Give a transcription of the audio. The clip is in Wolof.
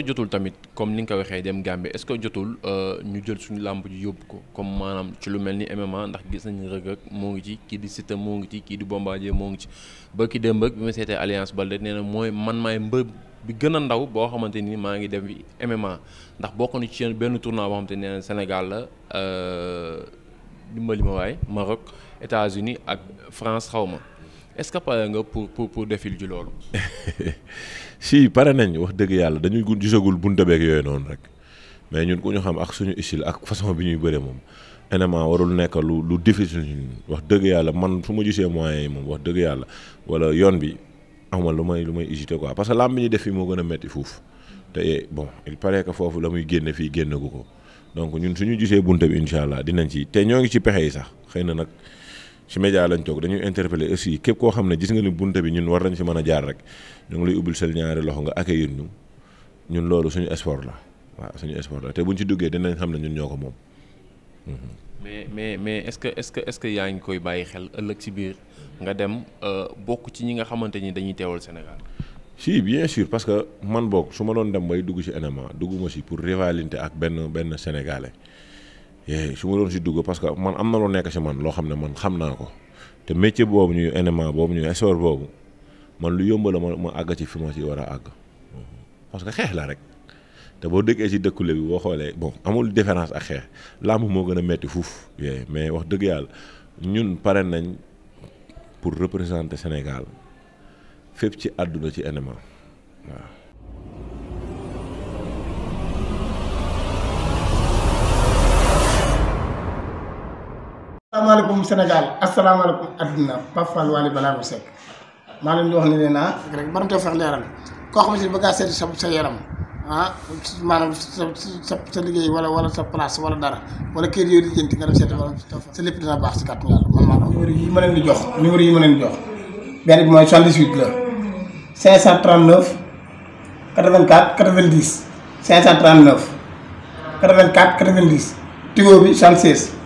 que jotul tamit comme ni nga ko waxee dem Gambie est ce que jotul euh, ñu jël suñu làmb ji yóbbu ko comme maanaam ci lu mel ni MMA ndax gis nañu Reug Reug moo ngi ci kii di Siteu moo ngi ci kii di Bombardier moo ngi ci ba ki démb bi ma seetee Alliance Baldé nee na mooy man maay mbër bi gën a ndaw boo xamante ni maa ngi dem MMA ndax bokk na ci benn tournoi boo xamante ne nee na la euh, dimbali ma waay Maroc états ak France xaw ma. est-ce que pare nga pour pour pour défil ji loolu. si pare nañ wax dëgg yàlla dañuy gisagul bunte beeg yooyu noonu rek mais ñun ku ñu xam ak suñu style ak façon bi ñuy bëre moom MMA warul nekk lu lu difficile wax dëgg yàlla man su ma gisee moyens yi moom wax dëgg yàlla wala yoon bi amal lu may lu may hésité waa parce que làmb bi ñu def fii moo gën a métti foofu te eh, bon il paraît que foofu la muy génne fii génne gu ko donc ñun suñu gisee bunte bi incha allah dinañ ci te ñoo ngi ci pexe yi sax xëy na nag. ci média lañ toog dañuy interpeller aussi képp koo xam ne gis nga ni bunte bi ñun war nañ fi mën a jaar rek ñu ngi lay ubbil seen ñaari loxo nga accueillir ñu ñun loolu suñu sport la waaw suñu sport la te buñ ci duggee dinañ xam ne ñun ñoo ko moom. mais mais mais est-ce que est-ce que est-ce yaa ngi koy bàyyi xel ëllëg ci biir nga dem euh, bokk ci ñi nga xamante ni dañuy teewal Sénégal. si bien sûr parce que man book su ma doon dem bay dugg ci MMA dugguma si pour rivalité ak benn benn sénégalais. yee eh, su ma doon si dugg parce que man am na lu nekk si man loo xam ne man xam naa ko te métier boobu ñuy élément boobu ñuy sport boobu man lu yomb la ma àgg ci fi ma ci war a àgg parce que xeex la rek te boo dëggee si dëkkule bi boo xoolee bon amul différence ak xeex làmb moo gën a metti fuuf yee eh, mais wax dëgg yàlla ñun pare nañ pour représenter Sénégal fépp ci àdduna ci MMA waa asalaamaaleykum Sénégal asalaamaaleykum adduna Pape Fall Waly Ballago leen di wax ne leen ah rek mën na too fex sa yaram ah maanaam sa sa liggéey wala wala sa place wala dara wala kër yooyu di jënti nga dem seeti wala sa lépp dina baax si kàttu yàlla man maa numéro yi ma leen di jox numéro yi ma leen di jox benn bi mooy 78 la 539 84 90 539 84 90 tigo bi 76